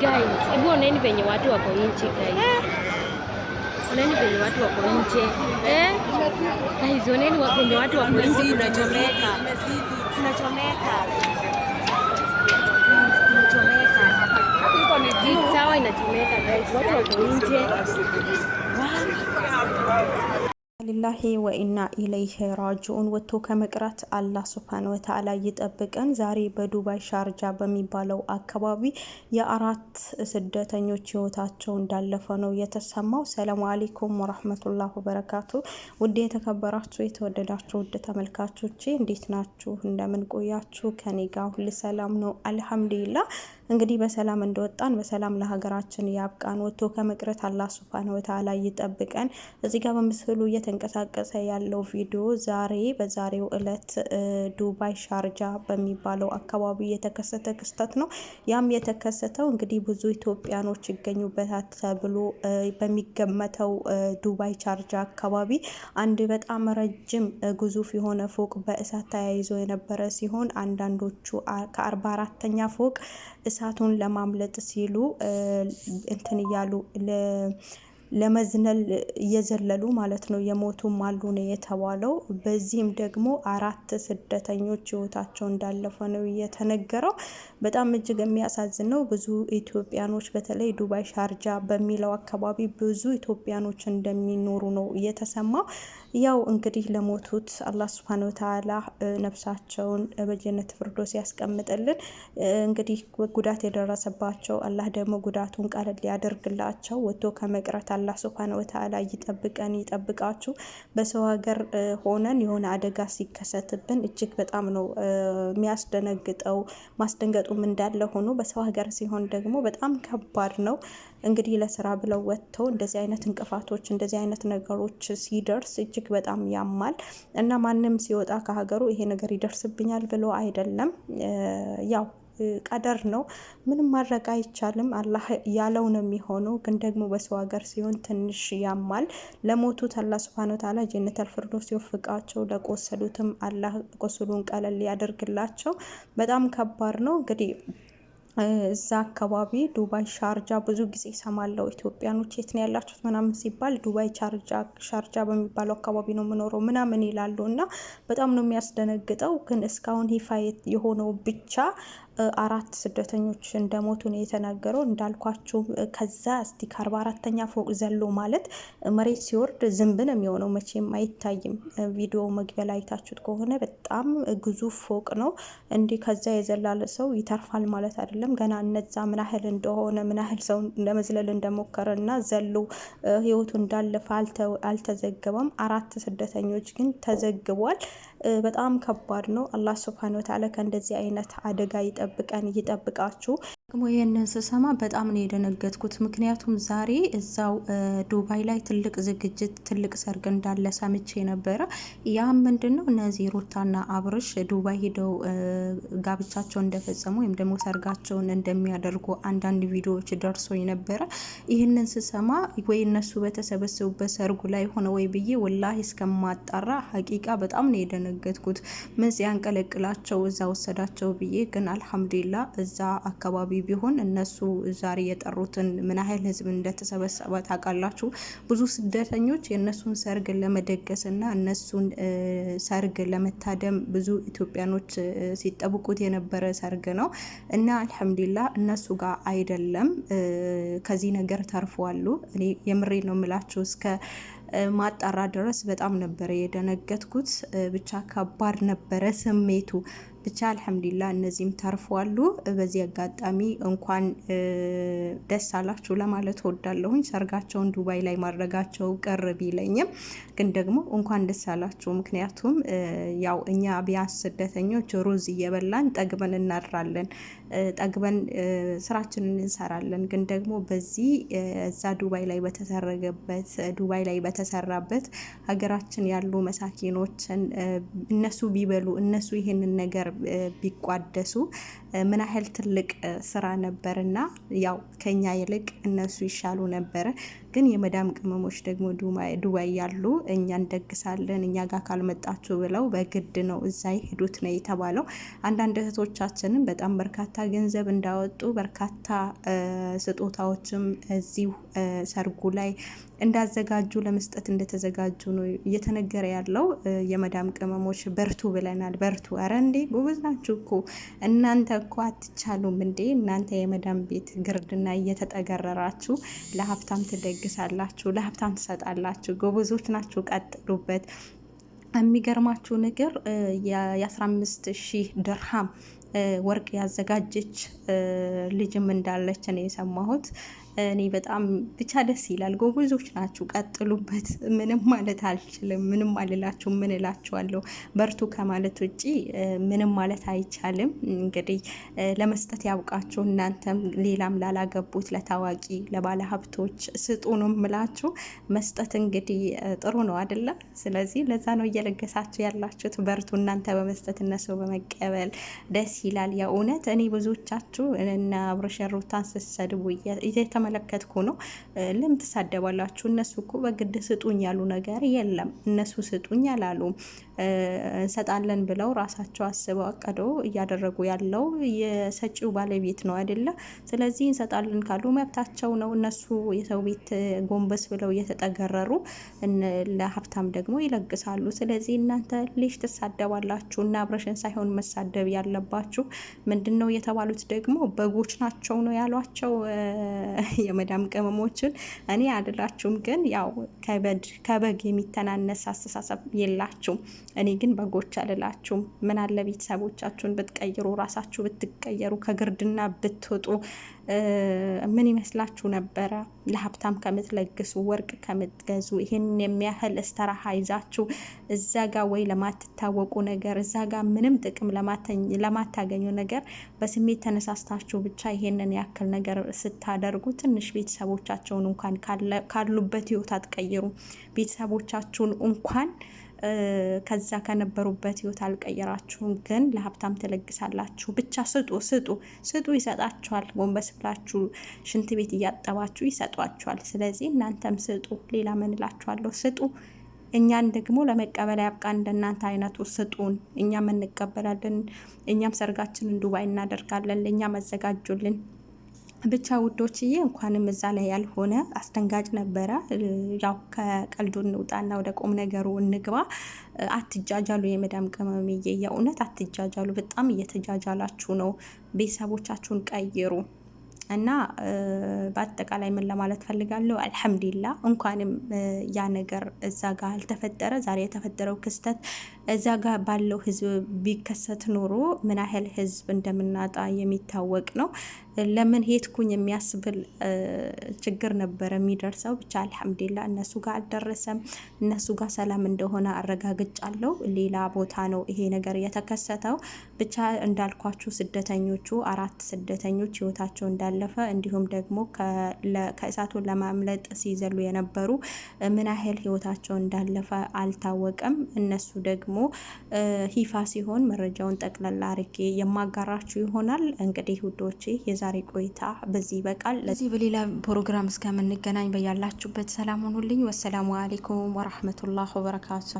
Guys, hebu oneni venye watu wako nje guys. Eh. Oneni venye watu wako nje. Eh? Guys, oneni venye watu wako nje. Tunachomeka. Tunachomeka. Tunachomeka. Sawa, inachomeka guys. Watu wako nje. Wow. ልላሂ ወኢና ኢለይህ ራጅኡን ወጥቶ ከመቅራት አላህ ስብሃነ ወተዓላ ይጠብቀን። ዛሬ በዱባይ ሻርጃ በሚባለው አካባቢ የአራት ስደተኞች ህይወታቸው እንዳለፈ ነው የተሰማው። ሰላሙ አሌይኩም ወራህመቱላህ ወበረካቱ። ውድ የተከበራችሁ የተወደዳችሁ ውድ ተመልካቾቼ እንዴት ናችሁ? እንደምን ቆያችሁ? ከኔ ጋር ሁሉ ሰላም ነው አልሐምዱሊላህ። እንግዲህ በሰላም እንደወጣን በሰላም ለሀገራችን ያብቃን። ወጥቶ ከመቅረት አላህ ሱብሃነሁ ወተዓላ ይጠብቀን። እዚህ ጋር በምስሉ እየተንቀሳቀሰ ያለው ቪዲዮ ዛሬ በዛሬው እለት ዱባይ ሻርጃ በሚባለው አካባቢ የተከሰተ ክስተት ነው። ያም የተከሰተው እንግዲህ ብዙ ኢትዮጵያኖች ይገኙበታል ተብሎ በሚገመተው ዱባይ ቻርጃ አካባቢ አንድ በጣም ረጅም ግዙፍ የሆነ ፎቅ በእሳት ተያይዞ የነበረ ሲሆን አንዳንዶቹ ከአርባ አራተኛ ፎቅ ከእሳቱን ለማምለጥ ሲሉ እንትን እያሉ ለመዝነል እየዘለሉ ማለት ነው የሞቱም አሉ ነው የተባለው። በዚህም ደግሞ አራት ስደተኞች ህይወታቸው እንዳለፈ ነው የተነገረው። በጣም እጅግ የሚያሳዝን ነው። ብዙ ኢትዮጵያኖች በተለይ ዱባይ ሻርጃ በሚለው አካባቢ ብዙ ኢትዮጵያኖች እንደሚኖሩ ነው የተሰማው። ያው እንግዲህ ለሞቱት አላህ ስብሐነ ወተዓላ ነፍሳቸውን በጀነት ፍርዶ ሲያስቀምጥልን እንግዲህ ጉዳት የደረሰባቸው አላህ ደግሞ ጉዳቱን ቀለል ሊያደርግላቸው ወጥቶ ከመቅረት አላህ ስብሐነ ወተዓላ ይጠብቀን፣ ይጠብቃችሁ። በሰው ሀገር ሆነን የሆነ አደጋ ሲከሰትብን እጅግ በጣም ነው የሚያስደነግጠው። ማስደንገጡም እንዳለ ሆኖ በሰው ሀገር ሲሆን ደግሞ በጣም ከባድ ነው። እንግዲህ ለስራ ብለው ወጥተው እንደዚህ አይነት እንቅፋቶች እንደዚህ አይነት ነገሮች ሲደርስ እጅግ በጣም ያማል እና ማንም ሲወጣ ከሀገሩ ይሄ ነገር ይደርስብኛል ብሎ አይደለም ያው ቀደር ነው። ምንም ማድረግ አይቻልም። አላህ ያለው ነው የሚሆነው። ግን ደግሞ በሰው ሀገር ሲሆን ትንሽ ያማል። ለሞቱት አላህ ስብሐነ ወተዓላ ጀነተል ፊርደውስ ይወፍቃቸው። ለቆሰሉትም አላህ ቁስሉን ቀለል ያደርግላቸው። በጣም ከባድ ነው እንግዲህ እዛ አካባቢ ዱባይ ሻርጃ ብዙ ጊዜ ይሰማለው። ኢትዮጵያኖች የት ነው ያላችሁት ምናምን ሲባል ዱባይ ሻርጃ በሚባለው አካባቢ ነው የምኖረው ምናምን ይላሉ እና በጣም ነው የሚያስደነግጠው። ግን እስካሁን ይፋ የሆነው ብቻ አራት ስደተኞች እንደሞቱ ነው የተነገረው። እንዳልኳችሁ ከዛ እስቲ ከአርባ አራተኛ ፎቅ ዘሎ ማለት መሬት ሲወርድ ዝንብን የሚሆነው መቼም አይታይም። ቪዲዮ መግቢያ ላይ አይታችሁት ከሆነ በጣም ግዙፍ ፎቅ ነው። እንዲህ ከዛ የዘላለ ሰው ይተርፋል ማለት አይደለም። አይደለም ገና እነዛ ምን ያህል እንደሆነ ምን ያህል ሰው ለመዝለል እንደሞከረ እና ዘሎ ህይወቱ እንዳለፈ አልተዘገበም። አራት ስደተኞች ግን ተዘግቧል። በጣም ከባድ ነው። አላህ ስብሐነ ወተዓላ ከእንደዚህ አይነት አደጋ ይጠብቀን፣ ይጠብቃችሁ። ደግሞ ይህንን ስሰማ በጣም ነው የደነገጥኩት። ምክንያቱም ዛሬ እዛው ዱባይ ላይ ትልቅ ዝግጅት፣ ትልቅ ሰርግ እንዳለ ሰምቼ ነበረ። ያም ምንድን ነው እነዚህ ሩታና አብርሽ ዱባይ ሂደው ጋብቻቸውን እንደፈጸሙ ወይም ደግሞ ሰርጋቸውን እንደሚያደርጉ አንዳንድ ቪዲዮዎች ደርሶኝ ነበረ። ይህንን ስሰማ ወይ እነሱ በተሰበሰቡበት ሰርጉ ላይ ሆነ ወይ ብዬ ወላሂ እስከማጣራ ሀቂቃ በጣም ነው የደነ የደነገጥኩት ምን ያንቀለቅላቸው እዛ ወሰዳቸው ብዬ ግን አልሐምዱሊላ እዛ አካባቢ ቢሆን እነሱ ዛሬ የጠሩትን ምን ያህል ህዝብ እንደተሰበሰበ ታውቃላችሁ። ብዙ ስደተኞች የእነሱን ሰርግ ለመደገስ እና እነሱን ሰርግ ለመታደም ብዙ ኢትዮጵያኖች ሲጠብቁት የነበረ ሰርግ ነው እና አልሐምዱሊላ እነሱ ጋር አይደለም ከዚህ ነገር ተርፈዋሉ። እኔ የምሬ ነው የምላችሁ እስከ ማጣራ ድረስ በጣም ነበረ የደነገጥኩት። ብቻ ከባድ ነበረ ስሜቱ። ብቻ አልሐምዱሊላህ እነዚህም ተርፏሉ። በዚህ አጋጣሚ እንኳን ደስ አላችሁ ለማለት ወዳለሁኝ። ሰርጋቸውን ዱባይ ላይ ማድረጋቸው ቅር ቢለኝም ግን ደግሞ እንኳን ደስ አላችሁ። ምክንያቱም ያው እኛ ቢያንስ ስደተኞች ሩዝ እየበላን ጠግበን እናድራለን፣ ጠግበን ስራችንን እንሰራለን። ግን ደግሞ በዚህ እዛ ዱባይ ላይ በተሰረገበት ዱባይ ላይ በተሰራበት ሀገራችን ያሉ መሳኪኖችን እነሱ ቢበሉ እነሱ ይሄንን ነገር ቢቋደሱ ምን ያህል ትልቅ ስራ ነበርና ያው ከኛ ይልቅ እነሱ ይሻሉ ነበር። ግን የመዳም ቅመሞች ደግሞ ዱባይ ያሉ እኛ እንደግሳለን እኛ ጋር ካልመጣችሁ ብለው በግድ ነው እዛ የሄዱት ነው የተባለው። አንዳንድ እህቶቻችንም በጣም በርካታ ገንዘብ እንዳወጡ በርካታ ስጦታዎችም እዚሁ ሰርጉ ላይ እንዳዘጋጁ ለመስጠት እንደተዘጋጁ ነው እየተነገረ ያለው። የመዳም ቅመሞች በርቱ ብለናል፣ በርቱ። አረ እንዴ ጎበዝ ናችሁ እኮ እናንተ እኮ አትቻሉም እንዴ እናንተ የመዳም ቤት ግርድና እየተጠገረራችሁ ለሀብታም ትደግሳላችሁ፣ ለሀብታም ትሰጣላችሁ። ጎበዞች ናችሁ፣ ቀጥሉበት። የሚገርማችሁ ነገር የ15 ሺህ ድርሃም ወርቅ ያዘጋጀች ልጅም እንዳለች ነው የሰማሁት። እኔ በጣም ብቻ ደስ ይላል። ጎበዞች ናችሁ፣ ቀጥሉበት። ምንም ማለት አልችልም፣ ምንም አልላችሁ፣ ምን እላችኋለሁ። በርቱ ከማለት ውጭ ምንም ማለት አይቻልም። እንግዲህ ለመስጠት ያውቃችሁ። እናንተም ሌላም ላላገቡት፣ ለታዋቂ ለባለ ሀብቶች ስጡ ነው ምላችሁ። መስጠት እንግዲህ ጥሩ ነው አይደለ? ስለዚህ ለዛ ነው እየለገሳችሁ ያላችሁት። በርቱ እናንተ በመስጠት እነሱ በመቀበል ደስ ይላል። የእውነት እኔ ብዙዎቻችሁ እና አብረሸሩታን ስሰድቡ እየተመለከትኩ ነው። ለምን ትሳደባላችሁ? እነሱ እኮ በግድ ስጡኝ ያሉ ነገር የለም። እነሱ ስጡኝ ያላሉ እንሰጣለን ብለው ራሳቸው አስበው አቅደው እያደረጉ ያለው የሰጪው ባለቤት ነው አይደለ? ስለዚህ እንሰጣለን ካሉ መብታቸው ነው። እነሱ የሰው ቤት ጎንበስ ብለው እየተጠገረሩ ለሀብታም ደግሞ ይለግሳሉ። ስለዚህ እናንተ ልሽ ትሳደባላችሁ እና አብረሽን ሳይሆን መሳደብ ያለባችሁ ምንድን ነው የተባሉት ደግሞ በጎች ናቸው ነው ያሏቸው። የመዳም ቅመሞችን እኔ አድላችሁም፣ ግን ያው ከበድ ከበግ የሚተናነስ አስተሳሰብ የላችሁም። እኔ ግን በጎች አልላችሁም። ምን አለ ቤተሰቦቻችሁን ብትቀይሩ፣ ራሳችሁ ብትቀየሩ፣ ከግርድና ብትወጡ ምን ይመስላችሁ ነበረ? ለሀብታም ከምትለግሱ ወርቅ ከምትገዙ ይህን የሚያህል እስተራሃ ይዛችሁ እዛ ጋ ወይ ለማትታወቁ ነገር እዛ ጋ ምንም ጥቅም ለማታገኙ ነገር በስሜት ተነሳስታችሁ ብቻ ይሄንን ያክል ነገር ስታደርጉ ትንሽ ቤተሰቦቻቸውን እንኳን ካሉበት ህይወት አትቀይሩ። ቤተሰቦቻችሁን እንኳን ከዛ ከነበሩበት ህይወት አልቀየራችሁም፣ ግን ለሀብታም ትለግሳላችሁ። ብቻ ስጡ ስጡ ስጡ፣ ይሰጣችኋል። ጎንበስ ብላችሁ ሽንት ቤት እያጠባችሁ ይሰጧችኋል። ስለዚህ እናንተም ስጡ። ሌላ ምን እላችኋለሁ? ስጡ። እኛን ደግሞ ለመቀበል ያብቃ። እንደናንተ አይነቱ ስጡን፣ እኛም እንቀበላለን። እኛም ሰርጋችንን ዱባይ እናደርጋለን። ለእኛ መዘጋጁልን። ብቻ ውዶችዬ እንኳንም እዛ ላይ ያልሆነ አስደንጋጭ ነበረ። ያው ከቀልዱ እንውጣና ወደ ቁም ነገሩ እንግባ። አትጃጃሉ፣ የመዳም ቅመምዬ የእውነት አትጃጃሉ። በጣም እየተጃጃላችሁ ነው። ቤተሰቦቻችሁን ቀይሩ። እና በአጠቃላይ ምን ለማለት ፈልጋለሁ፣ አልሐምዲላ እንኳንም ያ ነገር እዛ ጋር አልተፈጠረ። ዛሬ የተፈጠረው ክስተት እዛ ጋር ባለው ህዝብ ቢከሰት ኖሮ ምን ያህል ህዝብ እንደምናጣ የሚታወቅ ነው። ለምን ሄትኩኝ የሚያስብል ችግር ነበረ የሚደርሰው። ብቻ አልሐምዲላ እነሱ ጋር አልደረሰም። እነሱ ጋር ሰላም እንደሆነ አረጋግጫለሁ። ሌላ ቦታ ነው ይሄ ነገር የተከሰተው። ብቻ እንዳልኳችሁ ስደተኞቹ አራት ስደተኞች ህይወታቸው እንዳለ ባለፈ እንዲሁም ደግሞ ከእሳቱ ለማምለጥ ሲዘሉ የነበሩ ምን ያህል ህይወታቸው እንዳለፈ አልታወቀም። እነሱ ደግሞ ሂፋ ሲሆን መረጃውን ጠቅለል አርጌ የማጋራችሁ ይሆናል። እንግዲህ ውዶቼ የዛሬ ቆይታ በዚህ ይበቃል። ለዚህ በሌላ ፕሮግራም እስከምንገናኝ በያላችሁበት ሰላም ሁኑልኝ። ወሰላሙ አሌይኩም ወራህመቱላህ ወበረካቱ።